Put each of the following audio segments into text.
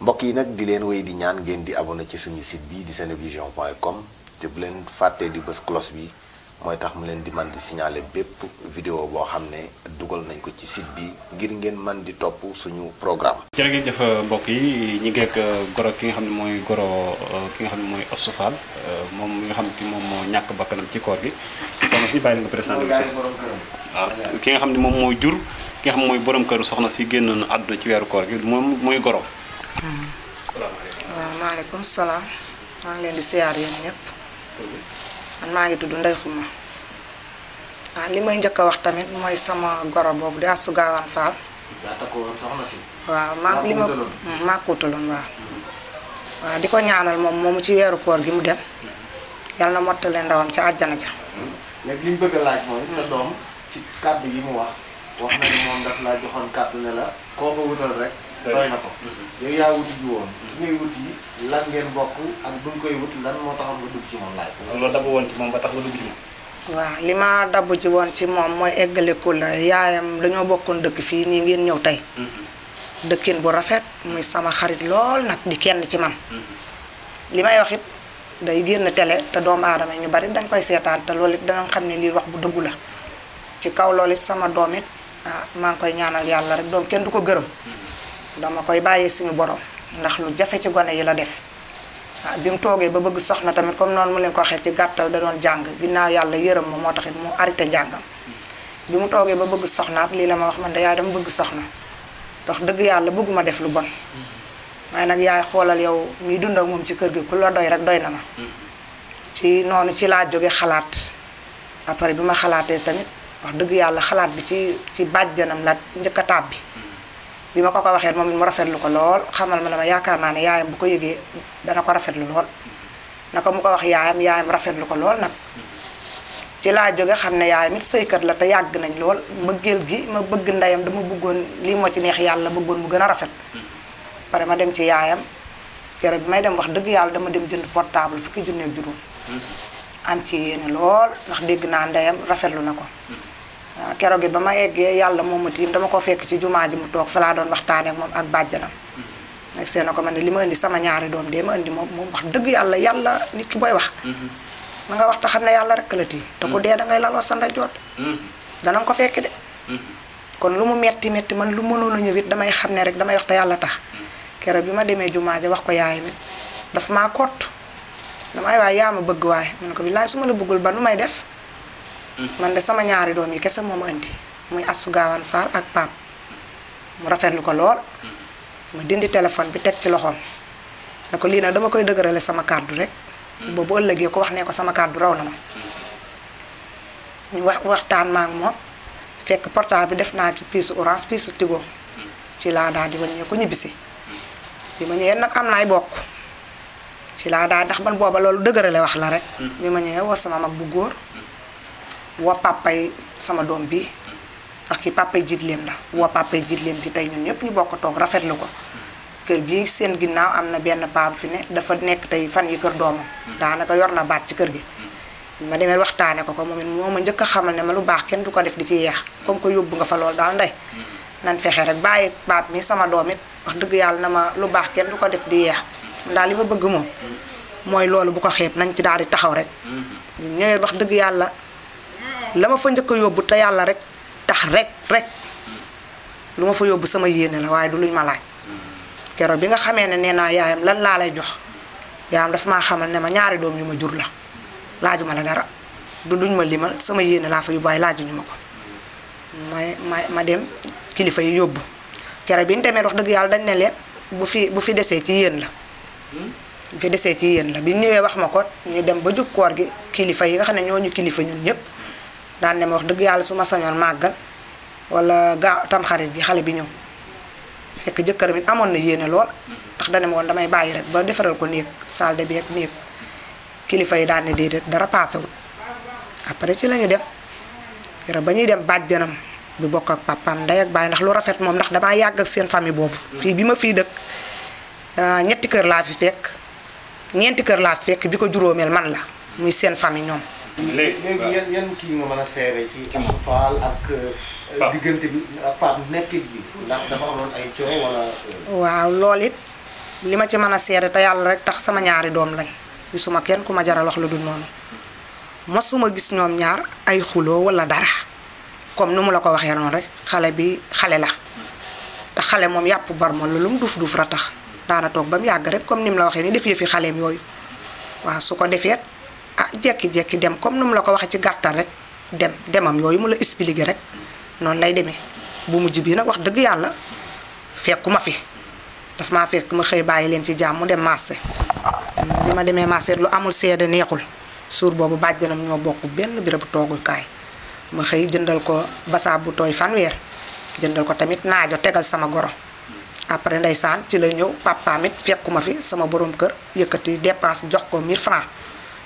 mbokk yi nag di leen wéy di ñaan ngeen di abonné ci suñu site bi di senevision point com te bu leen fàttee di bës cloche bi mooy tax mu leen di man di signaler bépp vidéo boo xam ne dugal nañ ko ci site bi ngir ngeen man di topp suñu programme jërëjëf mbokk yi ñi ngeeg euh, goro ki nga xam ne mooy goro euh, ki nga xam ne mooy Astou euh, moom mi nga xam ne moom moo ñàkk bakkanam ci koor gi soxna suñu bàyyi nga présenté waaw ah, ki nga xam ne moom mooy jur ki nga xam ne mooy borom këru soxna si génn na àdduna ci weeru koor gi moom mooy goro salaamaaleykum waaw maaleykum salaam maa leen di siyaar yéen ñëpp. man maa ngi tudd Ndey Xuma. waaw li may njëkk a wax tamit mooy sama goro boobu di Astou Gawane Fall. yaa maa li ma mm, maa kuutaloon waaw. waaw di ko ñaanal moom moomu ci weeru koor gi mu dem. yàlla na mottale ndawam ca àjjana ja. Mm-hmm. léegi li ñu bëgg a laaj mooy. sa doom ci kàddu yi mu wax. wax na ni moom daf laa joxoon kàddu ne la koo ko wutal rek. doy na ko mhm. yow yaa wuti ji woon mhm. ngay wuti lan ngeen bokk ak bu koy wut lan moo taxoon nga dugg ci moom laaj loolu dabu woon ci moom ba tax nga dugg ci moom waaw li ma dabu ci woon ci moom mooy eggale la yaayam dañoo bokkoon dëkk fii nii ngeen ñëw tey mhm. dëkkin bu rafet muy sama xarit lool nag di kenn ci man li may wax it day génn télé te doomu aadama ñu bari dañ koy seetaan te loolu it danañ xam ne lii wax bu dëggu la ci kaw loolu sama doom it ah maa ngi koy ñaanal yàlla rek doom kenn du ko gërëm dama koy bàyyi suñu borom ndax lu jafe ci gone yi la def waaw ah, bi mu toogee ba bëgg soxna tamit comme noonu mu leen ko waxee ci gàttal da doon jàng ginnaaw yàlla yërëm ma moo taxit mu arrêté jàngam bi mu toogee ba bëgg soxnaat lii la ma wax man de yaay dama bëgg soxna ndax dëgg yàlla bëgguma def lu bon waaye nag yaay xoolal yow miy dund ak moom ci kër gi ku la doy rek doy na ma ci noonu ci laa jóge xalaat après bi ma xalaatee tamit wax dëgg yàlla xalaat bi ci ci bàjjanam la njëkk a tàbbi bi bi ma ko ko waxee moom mu rafetlu ko lool xamal ma ne ma yaakaar naa ne yaayam bu ko yëgee dana ko rafetlu lool na ko mu ko wax yaayam yaayam rafetlu ko lool nag ci laa jóge xam ne yaayam it sëykat la te yàgg nañ lool mbëggeel gi ma bëgg ndeyam dama bëggoon lii moo ci neex yàlla bëggoon mu gën a rafet pare ma dem ci yaayam keroog bi may dem wax dëgg yàlla dama dem jënd portable fukki junneeg juróom mm-hmm. am ci yéene lool ndax dégg naa ndeyam rafetlu na ko mm-hmm. Ah, kéro gi bama ma yalla momu tim dama ko fekk ci jumaa ji mu tok fala doon waxtane ak mom ak bàjjanam mm-hmm. nek seen ko man lima andi sama ñaari doom de ma andi mom wax deug yalla yalla nit ki boy wax mm-hmm. na nga wax ta xam yalla rek la ti te ko mm-hmm. de da ngay laloo sa da nang ko fekk de kon lu mu metti metti man lu mënoon a wit damay xamne rek damay wax ta yalla tax kéro bi ma demee jumaa ja wax ko yaay mi daf ma kott damay waay yaama ma bëgg way mu ne ko billahi suma la bëggul ba numay def man de sama ñaari doom yi kessa moo andi muy assu gawan far ak pap mu rafetlu ko lool mu dindi téléphone bi teg ci loxom nako li na dama koy dëgërale sama carte rek boobu ëllëgé ko wax ne ko sama carte raw na ma ñu wax waxtaan maak moom fekk portable bi def naa ci piisu orange tigo ci laa daal di wàññee ko ñibisi bi ma ñëwee nag am naay bokk ci laa daal ndax man booba loolu dëgërale wax la rek mm. bi ma ñëwee sama mag bu góor wa papay sama dom bi ak ki papay jidlem la wa papay jidlem bi tay ñun ñep ñu bokk toog rafetlu ko kër gi seen ginnaw am na benn baab fi ne dafa nekk tay fan yi kër da naka yor na baat ci kër gi ma demé waxtane ko ko moom it ma xamal ne ma lu baax kenn du ko def di ci yeex comme ko yobbu nga fa lol dal nday nan fexé rek baye baab mi sama domit it wax dëgg yalla na ma lu baax kenn du ko def di yeex dal li ma bëgg mom moy lolou bu ko xeeb nañ ci daari taxaw rek ñëwee wax dëgg yalla la ma fa njëkk a yóbbu te yàlla rek tax rek rek lu ma fa yóbbu sama yéene la waaye du luñ ma laaj keroog bi nga xamee ne nee naa yaayam lan laa lay jox yaayam dafa ma xamal ne ma ñaari doom yu ma jur la laajuma la dara du luñ ma limal sama yéene laa fa yóbbu waaye laajuñu ma ko ma ma ma dem kilifa yi yóbbu keroog bi ñu demee wax dëgg yàlla dañ ne leen bu fi bu fi desee ci yéen la bu fi desee ci yéen la bi newee wax ma ko ñu dem ba jub koor gi kilifa yi nga xam ne ñoo kilifa ñun ñëpp daan ma wax dëgg yàlla su ma sañoon màggal wala gaa tamxarit gi xale bi ñëw fekk jëkkëram it amoon na yéene lool ndax dane ma damay bàyyi rek ba defaral ko néeg salle bi ak néeg kilifa yi daan ne déedéet dara paasewul après ci la dem yore ba ñuy dem bàjjanam bi bokk ak papaam ndey ak baay ndax lu rafet moom ndax damaa yàgg ak seen famille boobu. fii bi ma fii dëkk ah, ñetti kër laa fi fekk ñeenti kër laa fi fekk bi ko juróomeel man la muy seen famille ñoom. kii nga mën a seere ci euh, bi euh, waaw lool it li ma ci mën a seere te yàlla rek tax sama ñaari doom lañ gisuma kenn ku ma jaral wax lu dul noonu masuma gis ñoom ñaar ay xuloo wala dara comme nu mu la ko waxee noonu rek xale bi xale la. te xale moom yàpp barmal la lu mu duuf duuf ra tax daana toog ba mu yàgg rek comme ni mu la waxee ni def yëfi xaleem yooyu waaw su ko defeet ah jekki-jekki dem comme nu mu la ko waxee ci gàttal rek dem demam yooyu mu la expliqué rek noonu lay demee bu mujj bii nag wax dëgg yàlla fekku ma fi daf ma fekk ma xëy bàyyi leen ci jàmm mu dem marché bi ma demee marché lu amul seede neexul suur boobu bàjjanam ñoo bokk benn bérébu toogukaay ma xëy jëndal ko basaab bu tooy fanweer jëndal ko tamit naajo tegal sama goro après saan ci la ñëw papaam fekkuma fi sama borom kër yëkkati dépense jox ko 1000 francs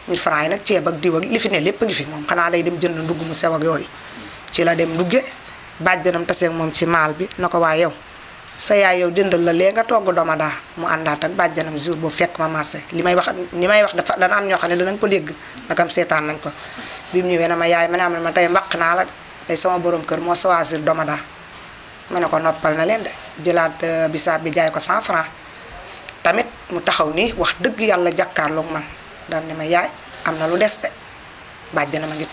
mi fray nak ci ba diw ak li fi ne lepp ngi fi mom xana lay dem jënd ndugg mu sew ak yoy ci la dem baaj bajjanam tassé ak mom ci mal bi nako wa yow sa yaay yow jëndal la le nga togg doma da mu andat ak bajjanam jour bo fekk ma massé limay wax may wax dafa dana am ño xane dana ko dégg nakam sétan nañ ko bim ñëwé na ma yaay ma am ma tay mbaq na la ay sama borom kër mo choisir doma da mané ko noppal na len de jëlat bisab bi jaay ko 100 francs tamit mu taxaw ni wax deug yalla lok man dan ne ma yaay am na lu des de bàjjana ma ngi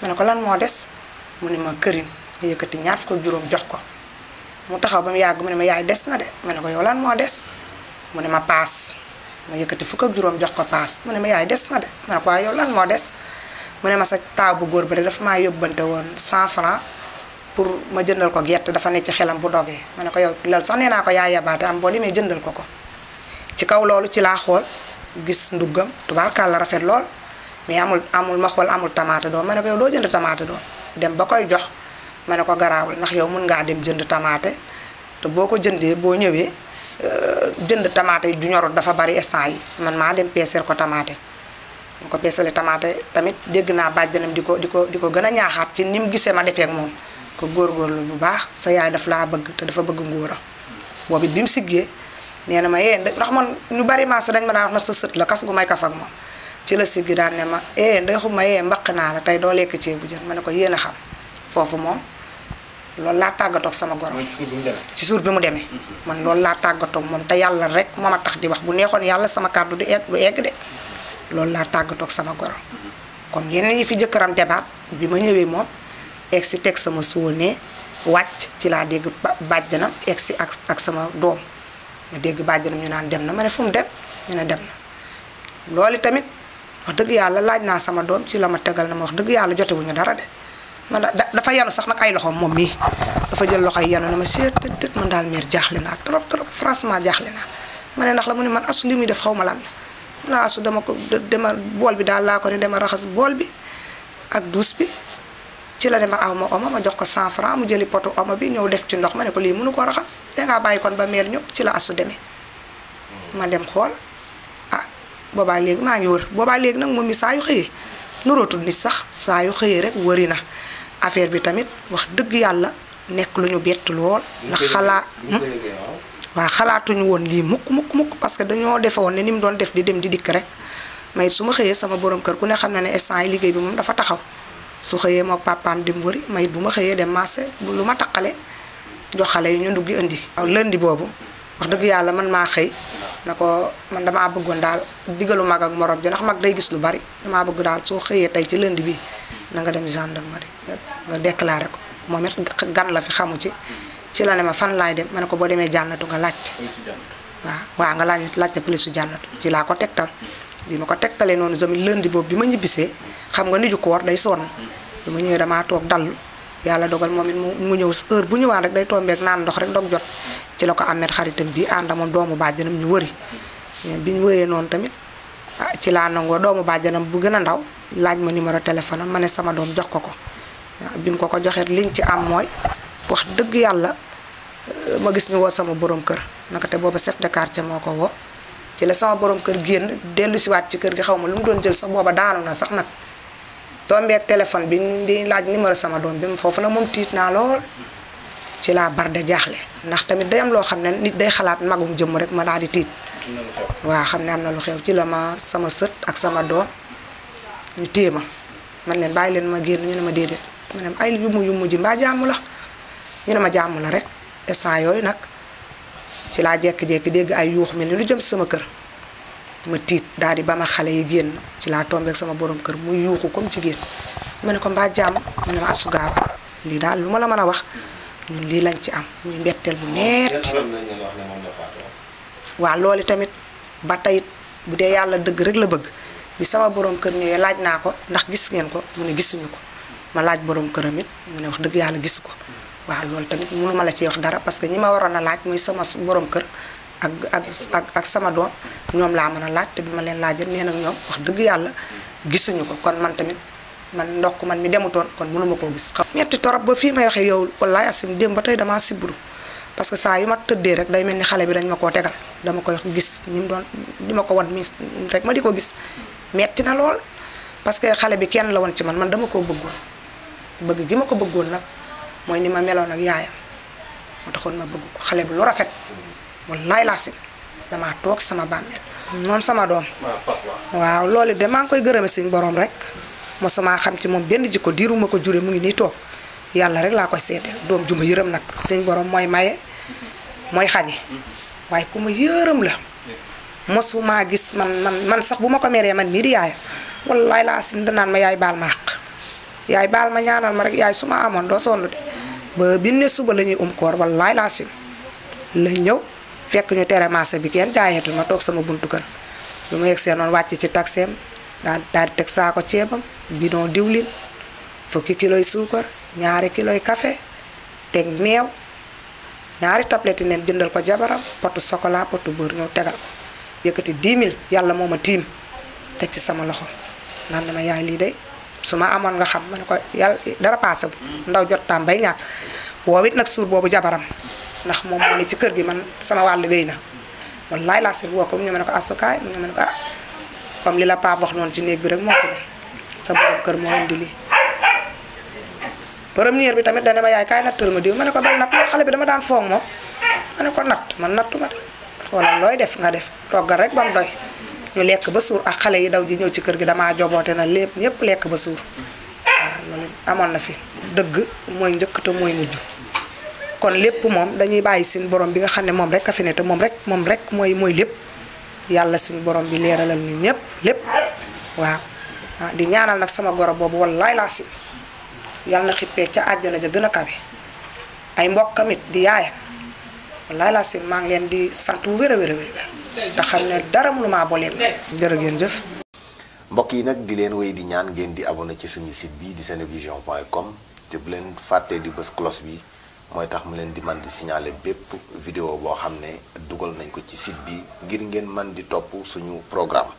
ma ko lan mo des mu ne ma kërin ma yëkkati ñaar fukk ak juróom jox ko mu taxaw ba mu yàgg ma yaay des na de ma ko yow lan mo des mu ma paas ma yëkkati fukk ak juróom jox ko paas mu ma yaay des na de ma ko lan mo des mu ma sa bu góor ba daf ma maa yóbbante 100 francs pour ma jëndal ko gerte dafa ne ci xelam bu dogee mané ko yow lal sax ko yaay am bo jëndal ko ko ci kaw lolou ci la xol gis nduggam tubaarkàlla rafet lool mais amul amul ma xool amul tamaate doom ma ne ko yow doo jënd tamaate doom dem ba koy jox ma ne ko garaawul ndax yow mun ngaa dem jënd tamaate te boo ko jëndee boo ñëwee euh, jënd tamaate ju ñorut dafa bari instant yi man maa dem peeseer ko tamaate mu ko peesale tamaate tamit dégg naa bàjjanam di ko di ko di ko gën a ñaaxaat ci ni mu gisee ma defeek moom ko góor góorgóorlu bu baax sa yaay daf laa bëgg te dafa bëgg ngóoram boobu nee na ma eh ndax man ñu bari ma sa dañ ma daan wax nag sa sët la kaf gu may kaf ak moom ci la siggi daan ne ma eh ndax xuma eh, mbaq naa la tey doo lekk ceebu jën ma ne ko yéen a xam foofu moom loolu laa tàggatoog sama gorom ci suur bi mu demee mhm. man loolu laa tàggatoog moom te yàlla rek moo ma tax di wax bu neexoon yàlla sama kàddu du egg du egg de loolu laa tàggatoog sama gorom mhm. kon yeneen yi fi jëkkëram débat bi ma ñëwee moom egg si teg sama suul ne wàcc ci laa dégg bàjjanam egg si ak ak sama doom ma dégg bàjjanam ñu naan dem na ma ne fu mu dem ñu ne dem na loolu tamit wax dëgg yàlla laaj naa sama doom ci la ma tegal na ma wax dëgg yàlla jotewuñu dara de man dafa yanu sax nag ay loxoom moom mii dafa jël loxo yi yanu na ma seet tët tët ma daal meer jaaxle naa trop trop franchement jaaxle naa ma ne ndax la mu ne man asu li muy def xaw ma lan la mu ne asu dama ko dama bool bi daal laa ko ne dama raxas bool bi ak duus bi ci la dema aw ma oma ah, oh, ma jox ko 100 francs mu jëli potu oma bi ñew def ci ndox ma ne ko li mënu ko raxas da nga kon ba mer ñu ci la asu demee ma dem xol ah boba légui ma ngi wër boba légui nak momi mi saa yu xëyee nurootul ni sax saa yu xëyee rek wërina affaire bi tamit wax dëgg yalla nek luñu ñu bett lool ndax xalaa waa xalaatuñu won li mukk mukk mukk parce que dañoo defoon ni doon def di dem di dik rek may suma ma sama borom kër ku ne xamna na ne instant yi liggéey bi mom dafa taxaw su xëyee moo papaam dem wëri may bu ma xëyee dem marché lu ma taqale jox xale yi ñu ndugg indi. aw lëndi boobu wax dëgg yàlla man maa xëy na ko man damaa bëggoon daal diggalu mag ak morom ji ndax mag day gis lu bari damaa bëgg daal soo xëyee tey ci lënd bi na nga dem gendarmerie nga déclaré ko moom it gan la fi xamu ci ci la ne ma fan laay dem ma ne ko boo demee jànnatu nga laaj waaw waaw nga laaj laajte police su jànnatu ci laa ko tegtal. bi ma ko tegtalee noonu tamit lundi boobu bi ma ñibbisee xam nga ni ju koor day sonn bi ma ñëwee damaa toog dallu yàlla dogal moom it mu ñëw heure bu ñëwaan rek day tombeek naan ndox rek dog jot ci la ko amet xaritam bi ànd moom doomu bàjjanam ñu wëri eh, bi ñu wëree noonu tamit ah, ci laa nangoo doomu bàjjanam bu gën a ndaw laaj ma numéro téléphone am ma ne sama doom jox ko ko ah, bi mu ko ko joxee liñ ci am mooy wax dëgg yàlla eh, ma gis ñu woo sama borom kër naka te booba chef de quartier moo ko woo ci la sama borom kër génn dellu siwaat ci kër gi xaw ma lu mu doon jël sax booba daanu na sax nag ak téléphone bi di laaj numéro sama doom bi mu foofu nag moom tiit naa lool ci laa barde jaaxle ndax tamit day am loo xam ne nit day xalaat magum jëmm rek ma daal di tiit waaw xam ne am na lu xew ci la ma sama sët ak sama doom ñu téema man leen bàyyi leen ma génn ñu ne ma déedéet ma ne ay yumu yumu ji mbaa jaamu la ñu ne ma la rek instant yooyu nag ci laa jékki-jékki dégg ay yuux mel ni lu jëm sama kër ma tiit daal di ba ma xale yi génn ci laa tombé sama boroom kër muy yuuxu comme jigéen ma ne ko mbaa jàmm mu ne ma asugaawa lii daal lu ma la mën a wax ñun lii lañ ci am muy mbetteel bu metti waaw loolu tamit ba tey bu dee yàlla dëgg rek la bëgg bi sama borom kër ñëwee laaj naa ko ndax gis ngeen ko mu ne gisuñu ko ma laaj borom këram it mu ne wax dëgg yàlla gis ko waaw loolu tamit mënuma la ci wax dara parce que ñi ma waroon a laaj muy sama borom kër ak ak ak sama doom ñoom laa mën a laaj te bi ma leen laajee nee na ñoom wax dëgg yàlla gisuñu ko kon man tamit man ndokk man mi demutoon kon mënuma koo gis. metti torop ba fii may waxee yow wallaay asim dem ba tey dama sibru parce que saa yu ma tëddee rek day mel ni xale bi dañ ma koo tegal dama koy gis ni mu doon di ma ko wan mi rek ma di ko gis metti na lool parce que xale bi kenn la woon ci man man dama koo bëggoon bëgg gi ma ko bëggoon nag moy ni ma melone ak yaayam mo taxoon ma bëgg ko xalé bu lu rafet la sin dama tok sama bammel non sama dom, waaw lolé de ma ngi koy gërëme suñ borom rek mo sama xam ci mom benn jikko diru ko juré mu ngi ni tok yalla rek la koy sédé dom juma ma nak nag borom moy maye moy xañe way ku ma yërëm la suma gis man man man sax bu ma ko man mi di la sin da nan ma yaay bal ma àq yaay bal ma ñaanal ma rek yaay suma amon do sonu ba bi suba la ñuy um koor wallaay laa sim la ñëw fekk ñu tere marché bi kenn jaayeetu ma toog sama buntu kër bi ma yegsee noonu wàcc ci taxeem daal teg saako ceebam bidon diwlin fukki kiloy suukar ñaari kiloy kafe teg meew ñaari tablette yi neen jëndal ko jabaram potu chocolat potu beurre ñëw tegal ko yëkkati 10 000 yàlla moo ma tiim teg ci sama loxo naan dama yaay lii day suma amon nga xam man ko yal dara paasal ndaw jot tam bay ñak wowit nak sur bobu jabaram ndax mom mo ni ci kër gi man sama walu wéy man lay la sel wokum ñu ma ne ko asukaay ah, ñu ma ko ah, comme lila pa wax non ci neeg bi rek mo fi sa borom kër mo indi li premier bi tamit dana ma yaay kay natul ma diw ma ko bal natt xale bi dama daan foog moom ma ko man natuma de xoolal def nga def togal rek bam doy ñu lekk ba suur ak xale yi daw di ñëw ci kër gi dama jobote na lepp ñepp lekk ba suur waaw loolu amoon na fi deug moy njëkk te moy muju kon lepp mom dañuy bayyi seen borom bi nga xamne mom rek ka fi ne te mom rek mom rek moy moy lepp yalla suñu borom bi leralal ñu ñepp lepp waaw ah, di ñaanal nak sama goro bobu wallahi la ci yalla na ci aljana ja gëna a ay mbokk it di yaayam wallahi la ci ma ngi len di sant wér wéré wéré a te xam ne dara mënu maa boole jërë ngeen jëf. mbokk yi nag di leen wéy di ñaan ngeen di abonné ci suñu site bi di senevision point com te bu leen fàttee di bës cloche bi mooy tax mu leen di man di signaler bépp vidéo boo xam ne dugal nañ ko ci site bi ngir ngeen man di topp suñu programme.